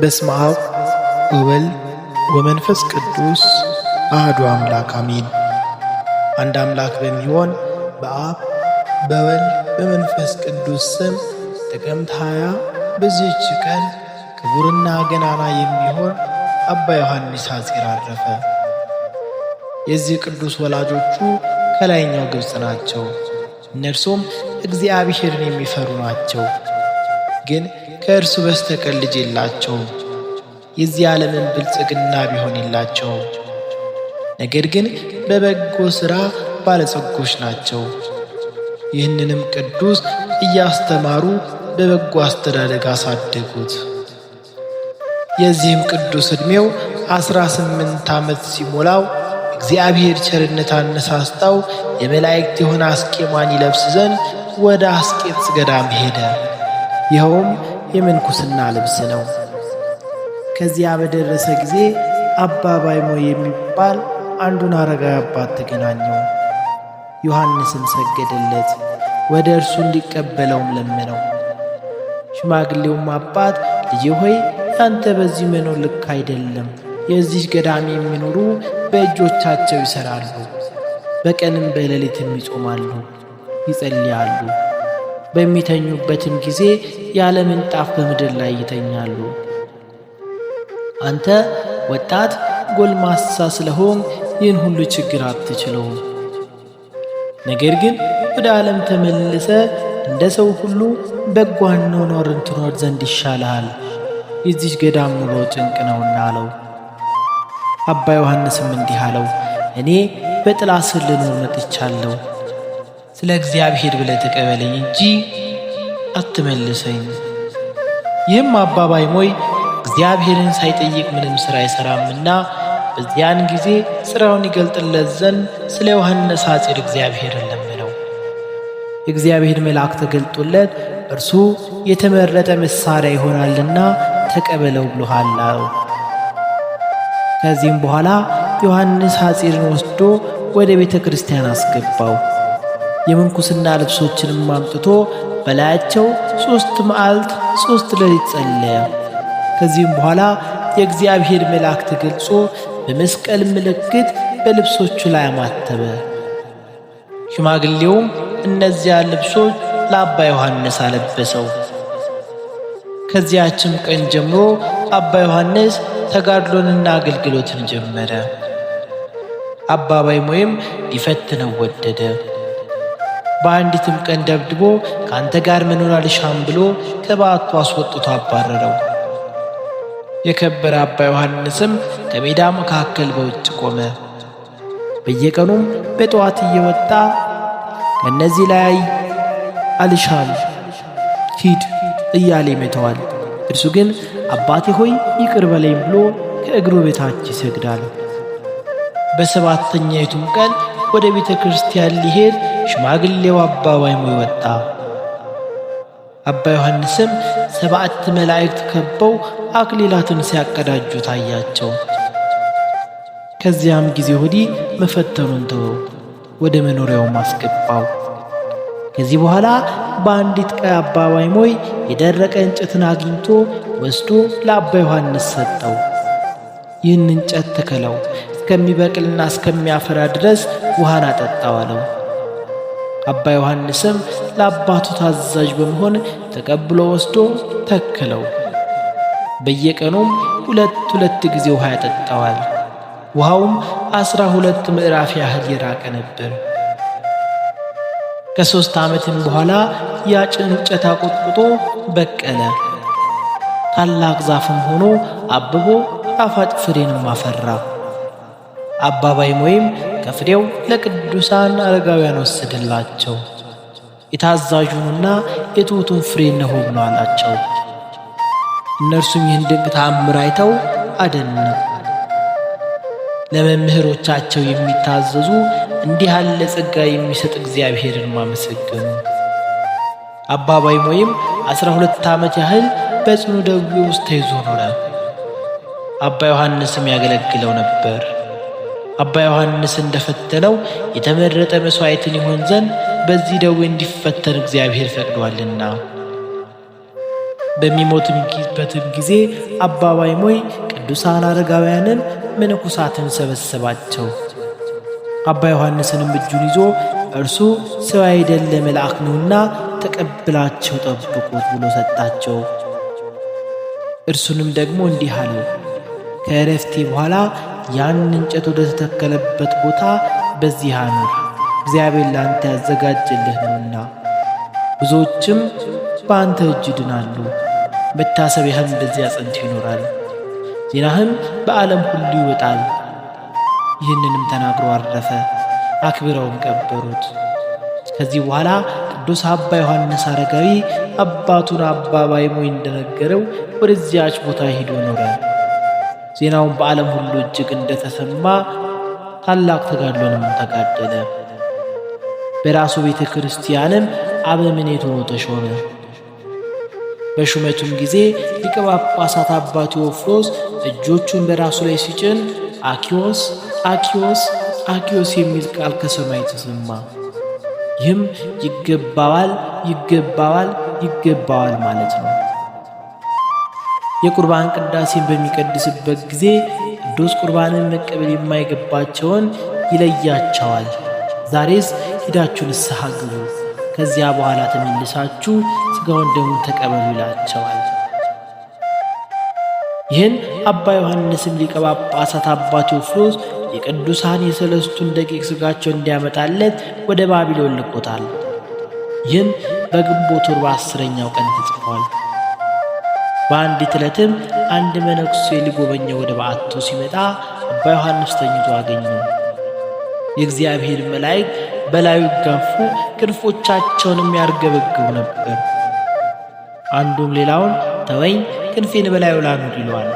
በስመ አብ ወወልድ ወመንፈስ ቅዱስ አህዱ አምላክ አሚን። አንድ አምላክ በሚሆን በአብ በወልድ በመንፈስ ቅዱስ ስም ጥቅምት ሃያ በዚህች ቀን ክቡርና ገናና የሚሆን አባ ዮሐንስ ሐጺር አረፈ። የዚህ ቅዱስ ወላጆቹ ከላይኛው ግብፅ ናቸው። እነርሱም እግዚአብሔርን የሚፈሩ ናቸው። ግን ከእርሱ በስተቀር ልጅ የላቸውም። የዚህ ዓለምን ብልጽግና ቢሆን የላቸውም። ነገር ግን በበጎ ሥራ ባለጸጎች ናቸው። ይህንንም ቅዱስ እያስተማሩ በበጎ አስተዳደግ አሳደጉት። የዚህም ቅዱስ ዕድሜው ዐሥራ ስምንት ዓመት ሲሞላው እግዚአብሔር ቸርነት አነሳስታው የመላእክት የሆነ አስቄማን ይለብስ ዘንድ ወደ አስቄጥስ ገዳም ሄደ። ይኸውም የምንኩስና ልብስ ነው። ከዚያ በደረሰ ጊዜ አባ ባይሞ የሚባል አንዱን አረጋዊ አባት ተገናኘው። ዮሐንስም ሰገደለት፣ ወደ እርሱ እንዲቀበለውም ለመነው። ሽማግሌውም አባት ልጄ ሆይ ያንተ በዚህ መኖር ልክ አይደለም። የዚህ ገዳም የሚኖሩ በእጆቻቸው ይሠራሉ፣ በቀንም በሌሊትም ይጾማሉ፣ ይጸልያሉ። በሚተኙበትም ጊዜ ያለ ምንጣፍ በምድር ላይ ይተኛሉ። አንተ ወጣት ጎልማሳ ስለሆን ይህን ሁሉ ችግር አትችለውም። ነገር ግን ወደ ዓለም ተመልሰ እንደ ሰው ሁሉ በጓኖ ኖርን ትኖር ዘንድ ይሻልሃል። የዚች ገዳም ኑሮ ጭንቅ ነውና አለው። አባ ዮሐንስም እንዲህ አለው፣ እኔ በጥላ ስር ልኖር መጥቻለሁ። ስለ እግዚአብሔር ብለ ተቀበለኝ እንጂ አትመልሰኝ። ይህም አባባይ ሞይ እግዚአብሔርን ሳይጠይቅ ምንም ሥራ አይሠራምና በዚያን ጊዜ ሥራውን ይገልጥለት ዘንድ ስለ ዮሐንስ ሐፂር እግዚአብሔርን ለመነው። የእግዚአብሔር መልአክ ተገልጦለት እርሱ የተመረጠ መሣሪያ ይሆናልና ተቀበለው ብሎሃል አለው። ከዚህም በኋላ ዮሐንስ ሐጺርን ወስዶ ወደ ቤተ ክርስቲያን አስገባው። የምንኩስና ልብሶችንም አምጥቶ በላያቸው ሦስት መዓልት ሦስት ሌሊት ጸለየ። ከዚህም በኋላ የእግዚአብሔር መልአክ ተገልጾ በመስቀል ምልክት በልብሶቹ ላይ አማተበ። ሽማግሌውም እነዚያ ልብሶች ለአባ ዮሐንስ አለበሰው። ከዚያችም ቀን ጀምሮ አባ ዮሐንስ ተጋድሎንና አገልግሎትን ጀመረ። አባ ባይሞይም ሊፈትነው ወደደ። በአንዲትም ቀን ደብድቦ ከአንተ ጋር መኖር አልሻም ብሎ ከበዓቱ አስወጥቶ አባረረው። የከበረ አባ ዮሐንስም ከሜዳ መካከል በውጭ ቆመ። በየቀኑም በጠዋት እየወጣ ከእነዚህ ላይ አልሻም ሂድ እያለ ይመተዋል። እርሱ ግን አባቴ ሆይ ይቅር በለኝ ብሎ ከእግሩ በታች ይሰግዳል። በሰባተኛይቱም ቀን ወደ ቤተ ክርስቲያን ሊሄድ ሽማግሌው አባ ዋይሞ ወጣ። አባ ዮሐንስም ሰባት መላእክት ከበው አክሊላትን ሲያቀዳጁ ታያቸው። ከዚያም ጊዜ ወዲህ መፈተኑን ተወ፣ ወደ መኖሪያውም አስገባው። ከዚህ በኋላ በአንዲት ቀይ አባ ዋይሞይ የደረቀ እንጨትን አግኝቶ ወስዶ ለአባ ዮሐንስ ሰጠው። ይህን እንጨት ተከለው እስከሚበቅልና እስከሚያፈራ ድረስ ውሃን አጠጣው አለው። አባ ዮሐንስም ለአባቱ ታዛዥ በመሆን ተቀብሎ ወስዶ ተከለው። በየቀኑም ሁለት ሁለት ጊዜ ውሃ ያጠጣዋል። ውሃውም አስራ ሁለት ምዕራፍ ያህል የራቀ ነበር። ከሦስት ዓመትም በኋላ ያጭን እንጨት አቆጥቁጦ በቀለ። ታላቅ ዛፍም ሆኖ አብቦ ጣፋጭ ፍሬንም አፈራ። አባ ባይሞይም ከፍሬው ለቅዱሳን አረጋውያን ወሰደላቸው። የታዛዡንና የትሑቱን ፍሬ እነሆ ብሎ አላቸው። እነርሱም ይህን ድንቅ ተአምር አይተው አደነ ለመምህሮቻቸው የሚታዘዙ እንዲህ ያለ ጸጋ የሚሰጥ እግዚአብሔርን ማመሰገኑ። አባ ባይሞይም አስራ ሁለት ዓመት ያህል በጽኑ ደዌ ውስጥ ተይዞ ኖረ። አባ ዮሐንስም ያገለግለው ነበር። አባ ዮሐንስ እንደፈተነው የተመረጠ መሥዋዕትን ይሆን ዘንድ በዚህ ደዌ እንዲፈተን እግዚአብሔር ፈቅዷልና። በሚሞትበትም ጊዜ አባ ባይሞይ ቅዱሳን አረጋውያንን መነኮሳትን ሰበሰባቸው። አባ ዮሐንስንም እጁን ይዞ እርሱ ሰው አይደለ መልአክ ነውና ተቀብላቸው ጠብቁት ብሎ ሰጣቸው። እርሱንም ደግሞ እንዲህ አለው ከእረፍቴ በኋላ ያን እንጨት ወደ ተተከለበት ቦታ በዚህ አኑር፣ እግዚአብሔር ለአንተ ያዘጋጀልህ ነውና። ብዙዎችም በአንተ እጅ ይድናሉ፣ መታሰቢያህም በዚያ ጸንቶ ይኖራል፣ ዜናህም በዓለም ሁሉ ይወጣል። ይህንንም ተናግሮ አረፈ። አክብረውም ቀበሩት። ከዚህ በኋላ ቅዱስ አባ ዮሐንስ አረጋዊ አባቱን አባ ባይሞይ እንደነገረው ወደዚያች ቦታ ሂዶ ኖረ። ዜናውን በዓለም ሁሉ እጅግ እንደተሰማ ታላቅ ተጋድሎንም ተጋደለ። በራሱ ቤተ ክርስቲያንም አበምኔት ሆኖ ተሾመ። በሹመቱም ጊዜ ሊቀ ጳጳሳት አባ ቴዎፍሎስ እጆቹን በራሱ ላይ ሲጭን አኪዮስ አኪዮስ አኪዮስ የሚል ቃል ከሰማይ ተሰማ። ይህም ይገባዋል ይገባዋል ይገባዋል ማለት ነው። የቁርባን ቅዳሴን በሚቀድስበት ጊዜ ቅዱስ ቁርባንን መቀበል የማይገባቸውን ይለያቸዋል። ዛሬስ ሂዳችሁ ንስሐ ግቡ፣ ከዚያ በኋላ ተመልሳችሁ ሥጋውን ደሙን ተቀበሉ ይላቸዋል። ይህን አባ ዮሐንስም ሊቀ ጳጳሳት አባ ቴዎፍሎስ የቅዱሳን የሰለስቱን ደቂቅ ሥጋቸው እንዲያመጣለት ወደ ባቢሎን ልኮታል። ይህም በግንቦት ወር በአስረኛው ቀን ተጽፏል። በአንዲት ዕለትም አንድ መነኩሴ ሊጎበኘው ወደ በዓቱ ሲመጣ አባ ዮሐንስ ተኝቶ አገኙ። የእግዚአብሔር መላእክት በላዩ ይጋፉ፣ ክንፎቻቸውንም ያርገበግቡ ነበር። አንዱም ሌላውን ተወኝ፣ ክንፌን በላዩ ላኑር ይለዋል።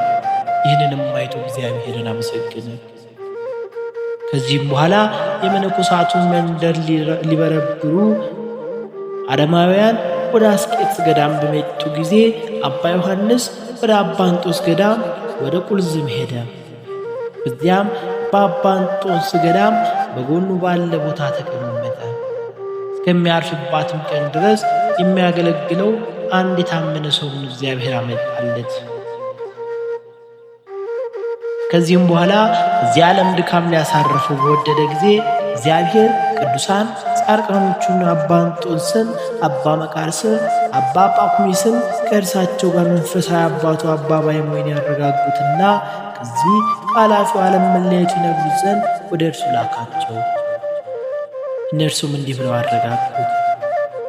ይህንንም አይቶ እግዚአብሔርን አመሰገነ። ከዚህም በኋላ የመነኮሳቱን መንደር ሊበረብሩ አረማውያን ወደ አስቄጥስ ገዳም በመጡ ጊዜ አባ ዮሐንስ ወደ አባንጦስ ገዳም ወደ ቁልዝም ሄደ። በዚያም በአባንጦስ ገዳም በጎኑ ባለ ቦታ ተቀመጠ። እስከሚያርፍባትም ቀን ድረስ የሚያገለግለው አንድ የታመነ ሰውን እግዚአብሔር አመጣለት። ከዚህም በኋላ እዚህ ዓለም ድካም ሊያሳርፈው በወደደ ጊዜ እግዚአብሔር ቅዱሳን ጻርቃኖቹን አባ እንጦንስን፣ አባ መቃርስን፣ አባ ጳኩሚስን ከእርሳቸው ጋር መንፈሳዊ አባቱ አባ ባይሞይን ያረጋጉትና ከዚህ ከኃላፊው ዓለም መለያየቱ ይነግሩት ዘንድ ወደ እርሱ ላካቸው። እነርሱም እንዲህ ብለው አረጋግጡት፣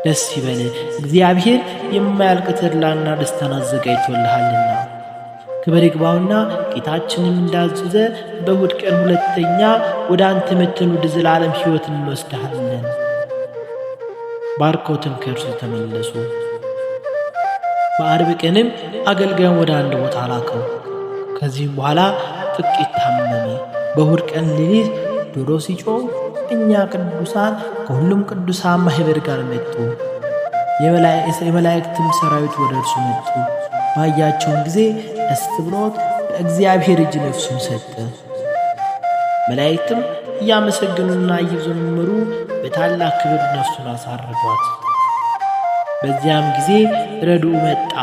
ደስ ይበል እግዚአብሔር የማያልቅ ተድላና ደስታን አዘጋጅቶልሃልና ክብር ይግባውና ጌታችንም እንዳዘዘ በእሑድ ቀን ሁለተኛ ወደ አንተ መተን ወደ ዘላለም ሕይወት እንወስድሃለን። ባርኮትም ከእርሱ ተመለሱ። በአርብ ቀንም አገልጋዩን ወደ አንድ ቦታ ላከው። ከዚህም በኋላ ጥቂት ታመመ። በእሑድ ቀን ሌሊት ዶሮ ሲጮህ እኛ ቅዱሳን ከሁሉም ቅዱሳን ማኅበር ጋር መጡ። የመላእክትም ሰራዊት ወደ እርሱ መጡ። ባያቸውን ጊዜ ደስ ብሎት በእግዚአብሔር እጅ ነፍሱን ሰጠ። መላእክትም እያመሰገኑና እየዘመሩ በታላቅ ክብር ነፍሱን አሳርጓት። በዚያም ጊዜ ረድኡ መጣ።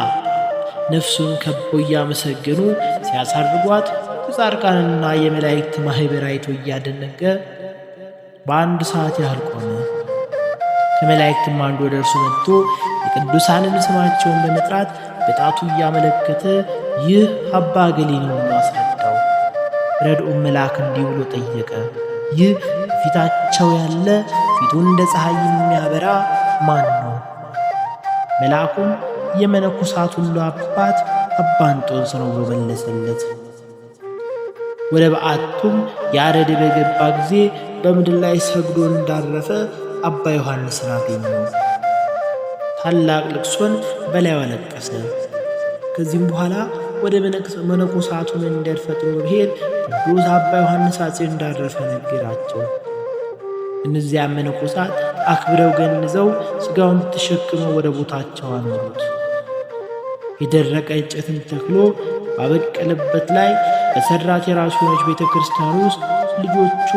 ነፍሱን ከቦ እያመሰገኑ ሲያሳርጓት የጻድቃንና የመላእክት ማኅበር አይቶ እያደነቀ በአንድ ሰዓት ያህል ቆመ። ከመላእክትም አንዱ ወደ እርሱ መጥቶ የቅዱሳንን ስማቸውን በመጥራት በጣቱ እያመለከተ ይህ አባ ገሌ ነውና አስረዳው። ረድኡም መልአክ እንዲህ ብሎ ጠየቀ፣ ይህ ፊታቸው ያለ ፊቱ እንደ ፀሐይ የሚያበራ ማን ነው? መልአኩም የመነኮሳት ሁሉ አባት አባ እንጦንስ ነው ብሎ መለሰለት። ወደ በዓቱም ያረድ በገባ ጊዜ በምድር ላይ ሰግዶ እንዳረፈ አባ ዮሐንስን አገኘው። ታላቅ ልቅሶን በላዩ አለቀሰ። ከዚህም በኋላ ወደ መነኮሳቱ መንደር ፈጥኖ ብሄድ ቅዱስ አባ ዮሐንስ አፄ እንዳረፈ ነገራቸው። እነዚያ መነኮሳት አክብረው ገንዘው ስጋውን ተሸክመው ወደ ቦታቸው አኖሩት። የደረቀ እንጨትን ተክሎ ባበቀለበት ላይ በሰራት የራሱ ቤተ ክርስቲያን ውስጥ ልጆቹ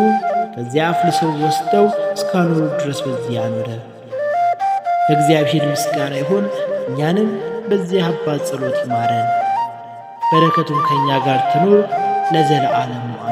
ከዚያ አፍልሰው ወስደው እስካኖሩ ድረስ በዚያ አኖረ። እግዚአብሔር ምስጋና ይሁን። እኛንም በዚህ አባት ጸሎት ይማረን፣ በረከቱም ከእኛ ጋር ትኑር ለዘለዓለሙ።